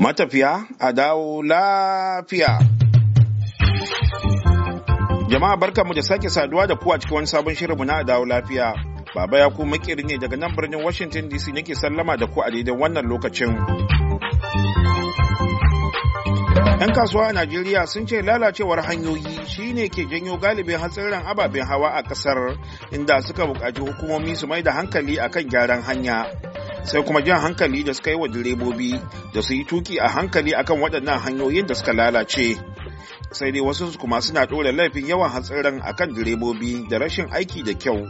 matafiya a dawo lafiya. Jama'a barka mu da sake saduwa da kuwa cikin wani sabon shirinmu na dawo lafiya. Baba ya ku makiri ne daga nan birnin Washington DC nake sallama da ku a daidai wannan lokacin. 'Yan kasuwa a Najeriya sun ce lalacewar hanyoyi shi ne ke janyo galibin hatsarin ababen hawa a ƙasar inda suka buƙaci hukumomi su mai da hankali kan gyaran hanya. sai kuma jan hankali da suka yi wa direbobi da su yi tuki a hankali akan waɗannan hanyoyin da suka lalace sai dai wasu kuma suna ɗora laifin yawan hatsarin akan direbobi da rashin aiki da kyau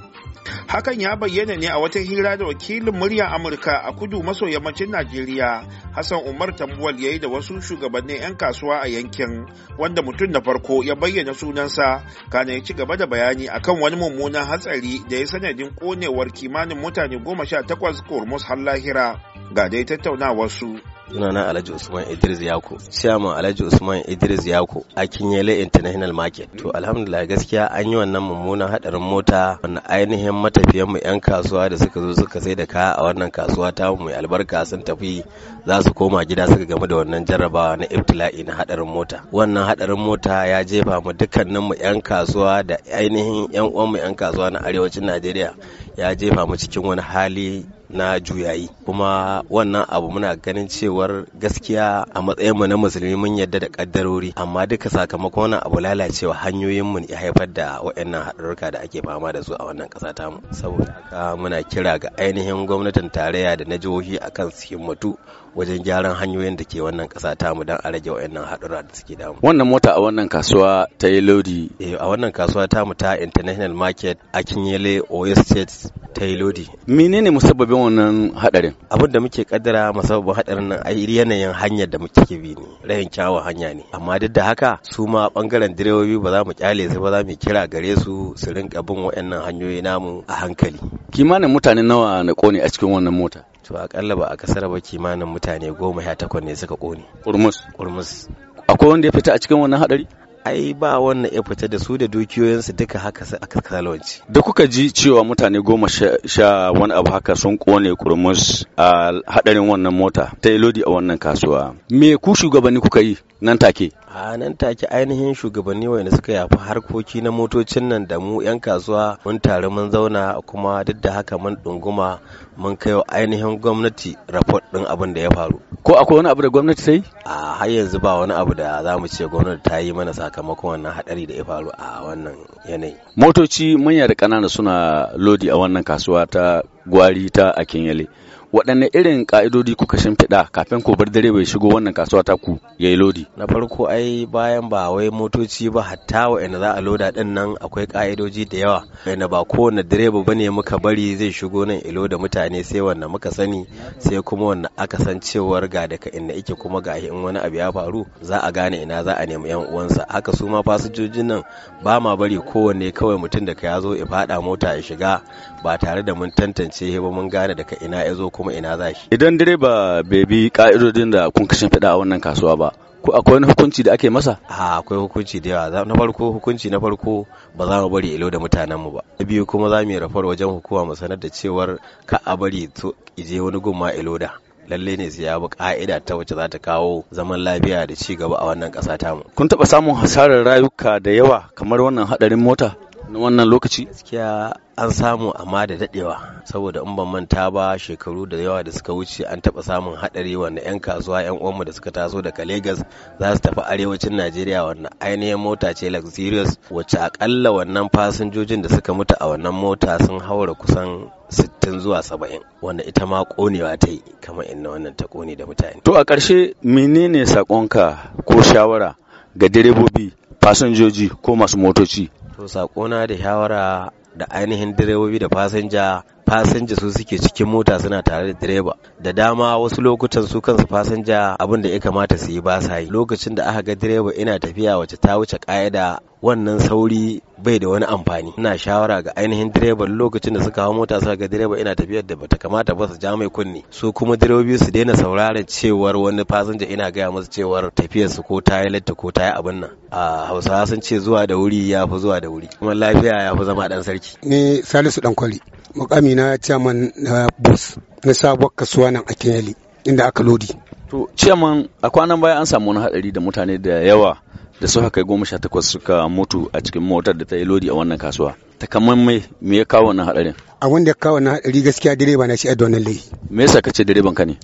Hakan ya bayyana ne a wata hira da wakilin muryar Amurka a kudu maso yammacin Najeriya, Hassan Umar Tambuwal ya yi da wasu shugabannin 'yan kasuwa a yankin, wanda mutum na farko ya bayyana sunansa, kana ya ci gaba da bayani akan wani mummunan hatsari da ya sanadin konewar kimanin mutane goma sha takwas kormus har lahira. Ga dai tattaunawar su. sunana Alhaji Usman Idris Yako chairman Alhaji Usman Idris Yako a Kinyele International Market to alhamdulillah gaskiya an yi wannan mummunan hadarin mota wannan ainihin matafiyan mu yan kasuwa da suka zo suka sai da kaya a wannan kasuwa ta mu mai albarka sun tafi za su koma gida suka gamu da wannan jarrabawa na ibtila'i na hadarin mota wannan hadarin mota ya jefa mu dukkanin mu yan kasuwa da ainihin yan uwan mu yan kasuwa na arewacin Najeriya ya jefa mu cikin wani hali na juyayi kuma wannan abu muna ganin cewar gaskiya a matsayin mu na musulmi mun yadda da kaddarori amma duka sakamakon wannan abu lalacewa hanyoyin mu ya haifar da waɗannan haɗarurruka da ake fama da su a wannan ƙasa mu saboda haka muna kira ga ainihin gwamnatin tarayya da na jihohi akan su himmatu wajen gyaran hanyoyin da ke wannan ƙasa tamu don a rage wa'annan haɗura da suke damu. Wannan mota a wannan kasuwa ta yi lodi? Eh, a wannan kasuwa tamu ta International Market kinyele Oyo State ta yi lodi. Menene musabbabin wannan haɗarin? Abin da muke kaddara musabbabin haɗarin nan a yanayin hanyar da muke bi ne, rayin kyawun hanya ne. Amma duk da haka su ma bangaren direbobi ba za mu kyale su ba za mu kira gare su su rinka bin wa'annan hanyoyi namu a hankali. Kimanin mutane nawa na kone a cikin wannan mota? to akalla ba a kasar ba kimanin mutane goma sha takwas ne suka kone kurmus kurmus akwai wanda ya fita a cikin wannan hadari ai ba wannan ya fita da su da dukiyoyinsu duka haka a kasalawanci da kuka ji cewa mutane goma sha wani abu haka sun kone kurmus a hadarin wannan mota ta lodi a wannan kasuwa me ku shugabanni kuka yi nan take a nan take ainihin shugabanni wanda suka yafi harkoki na motocin nan da mu yan kasuwa mun tare mun zauna kuma duk da haka mun dunguma mun kai wa ainihin gwamnati rafot ɗin abin da ya faru ko akwai wani abu da gwamnati ta yi. a har yanzu ba wani abu da za mu ce gwamnati ta yi mana sakamakon wannan haɗari da ya faru a wannan yanayi motoci manya da ƙanana suna lodi a wannan kasuwa ta gwari ta akinyele waɗanne irin ka'idodi kuka shimfiɗa kafin ku bar dare bai shigo wannan kasuwa ta ku ya yi lodi na farko ai bayan ba wai motoci ba hatta wa'anda za a loda ɗin nan akwai ka'idoji da yawa wa'anda ba kowane direba ba ne muka bari zai shigo nan ilo da mutane sai wanda muka sani sai kuma wanda aka san cewar ga daga inda ike kuma ga in wani abu ya faru za a gane ina za a nemi yan uwansa haka su ma fasinjojin nan ba ma bari kowanne kawai mutum da ka ya zo ya fada mota ya shiga ba tare da mun tantance ba mun gane daga ina ya zo kuma ina za shi idan direba bai bi ka'idodin da kun kashin fiɗa a wannan kasuwa ba ko akwai wani hukunci da ake masa Ha, akwai hukunci da yawa na farko hukunci na farko ba za mu bari ilo da mutanenmu ba na biyu kuma za mu yi rafar wajen hukuma mu sanar da cewar ka a bari to ije wani gumma ilo da lalle ne sai ya bi ka'ida ta wacce za ta kawo zaman lafiya da ci gaba a wannan ƙasa tamu kun taɓa samun hasarar rayuka da yawa kamar wannan haɗarin mota wannan lokaci? Gaskiya an samu amma da dadewa saboda in ban manta ba shekaru da yawa da suka wuce an taba samun hadari wanda yan kasuwa yan uwanmu da suka taso daga Lagos za su tafi arewacin Najeriya wannan ainihin mota ce Luxurious wacce akalla wannan fasinjojin da suka mutu a wannan mota sun haura kusan 60 zuwa 70 wanda ita ma konewa ta yi kamar inna wannan ta kone da mutane. To a karshe menene sakonka ko shawara ga direbobi fasinjoji ko masu motoci to sakona da shawara da ainihin direbobi da fasinja fasinja su suke cikin mota suna tare da direba da dama wasu lokutan su kansu fasinja abin da ya kamata su yi ba sa yi lokacin da aka ga direba ina tafiya wace ta wuce ka'ida wannan sauri bai da wani amfani ina shawara ga ainihin direba lokacin da suka hau mota suka ga direba ina tafiyar da bata kamata ba su ja mai kunni su kuma direbobi su daina sauraron cewar wani fasinja ina gaya musu cewar tafiyar su ko ta yi latta ko ta yi abin nan a hausa sun ce zuwa da wuri ya fi zuwa da wuri kuma lafiya ya fi zama dan sarki ni salisu dan kwali mukami na chairman na bus na sabuwar kasuwa nan a Kenyali inda aka lodi to chairman a kwanan baya an samu wani hadari da mutane da yawa da suka kai goma sha takwas suka mutu a cikin motar da ta yi lodi a wannan kasuwa mai me ya kawo wannan hadarin a wanda ya kawo wannan hadari gaskiya direba na shi a donan laifi me yasa kace direban ka ne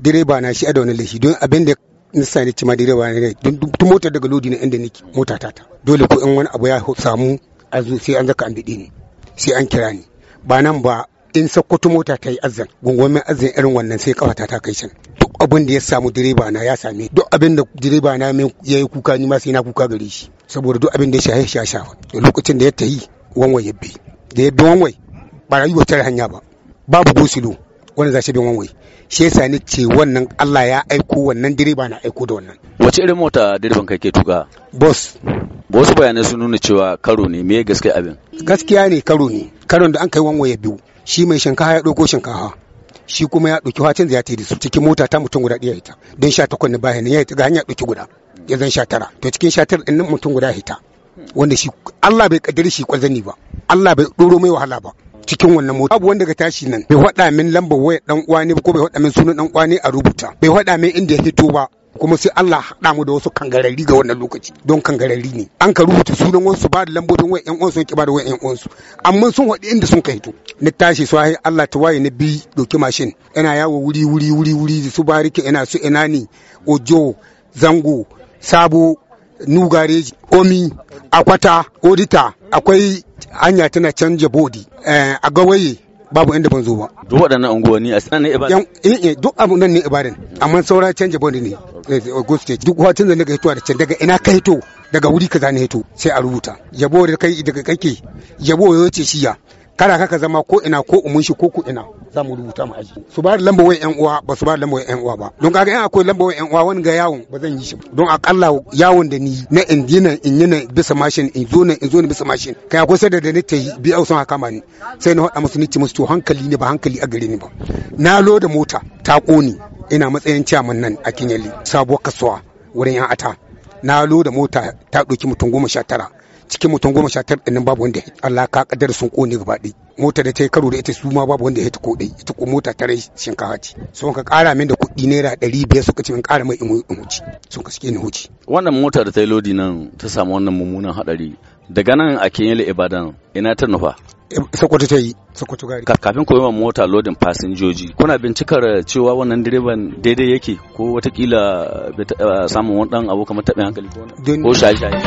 direba na shi a donan laifi don abin da na sa ni cima direba ne don motar daga lodi na inda nake mota ta dole ko in wani abu ya samu a sai an zaka an bide ni sai an kira ni ba nan ba in sakkwato mota ta yi azan gungumin azan irin wannan sai kafata ta kai can duk abin da ya samu direba na ya same duk abin da direba na ya yi kuka ni ma sai na kuka gare shi saboda duk abin da ya shahe shi sha lokacin da ya tahi wanwai ya bi da ya bi wanwai ba rayuwa tare hanya ba babu gosilo wani za shi bin wanwai shi ya sani ce wannan Allah ya aiko wannan direba na aiko da wannan wace irin mota direban kai ke tuka bos. bos bayanai sun nuna cewa karo ne me gaskiya abin gaskiya ne karo ne karon da an kai wanwaye biyu shi mai shinkafa ya ɗauko shinkafa shi kuma ya ɗauki hatin da ya da su cikin mota ta mutum guda ɗaya ita don sha takwas na bayan ya ga hanya ɗauki guda ya zan sha tara to cikin sha tara ɗin mutum guda hita wanda shi Allah bai kaddari shi kwazani ba Allah bai ɗoro mai wahala ba cikin wannan mota abu wanda ga tashi nan bai faɗa min lambar wayar dan uwa ne ko bai faɗa min sunan dan uwa ne a rubuta bai faɗa min inda ya fito ba kuma sai Allah haɗa mu da wasu kangarari ga wannan lokaci don kangarari ne an ka rubuta sunan wasu ba da lambobin wayan uwansu ki ba da wayan uwansu amma sun haɗu inda sun kai to na tashi su ai Allah ta waye na bi doki mashin ina yawo wuri wuri wuri wuri su barike ina su ina ni ojo zango sabo nugareji omi akwata odita akwai hanya tana canja bodi eh, a gawaye babu inda ban zo ba duk waɗannan unguwanni a sanan ne ibadan eh, eh duk abu nan ne ibadan amma saura canja bond ne goste duk hotun da daga hitowa da can daga ina ka hito daga wuri kaza ne hito sai a rubuta yabo da kai daga kake yabo yace shiya kana kaka zama ko ina ko umun shi ko ku ina za mu rubuta mu aji su ba da lamba wai yan uwa ba su ba da lamba wai yan uwa ba don kaga in akwai lamba wai yan uwa wani ga yawon ba zan yi shi don akalla yawon da ni na in na in yi na bisa mashin in zo na in zo na bisa mashin kai akwai sai da da ni ta yi biyu sun haka ma ni sai na faɗa musu ni ci musu to hankali ne ba hankali a gare ni ba na loda mota ta ƙone ina matsayin ciyaman nan a kinyali sabuwar kasuwa wurin yan ata na loda mota ta ɗauki mutum goma sha tara cikin mutum goma sha tara babu wanda Allah ka kaddara sun kone gaba ɗai mota da ta yi karo da ita su ma babu wanda ya ta ko ɗai ita ko mota tare shinkafa ce sun ka ƙara min da kuɗi naira ɗari biyar suka ce min ƙara mai in sun ka suke ni huci. wannan mota da ta yi lodi nan ta samu wannan mummunan haɗari daga nan a kenyele ibadan ina ta nufa. Sokoto ta yi Sokoto gari. Kafin ku yawan mota lodin fasinjoji kuna bincikar cewa wannan direban daidai yake ko watakila eh, samun wani dan abu kamar taɓin hankali ko shaye-shaye.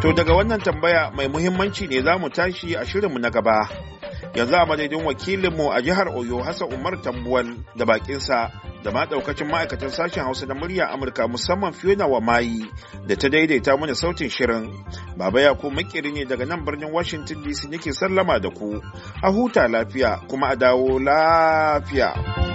To daga wannan tambaya mai muhimmanci ne za mu tashi a shirinmu na gaba. Yanzu a madadin wakilinmu a jihar Oyo Hassan Umar Tambuwal da bakinsa da ma daukacin ma'aikatan sashen hausa na murya amurka musamman fiona wa mayi da ta daidaita mana sautin shirin baba yaku makiri ne daga nan birnin washington dc nake sallama da ku a huta lafiya kuma a dawo lafiya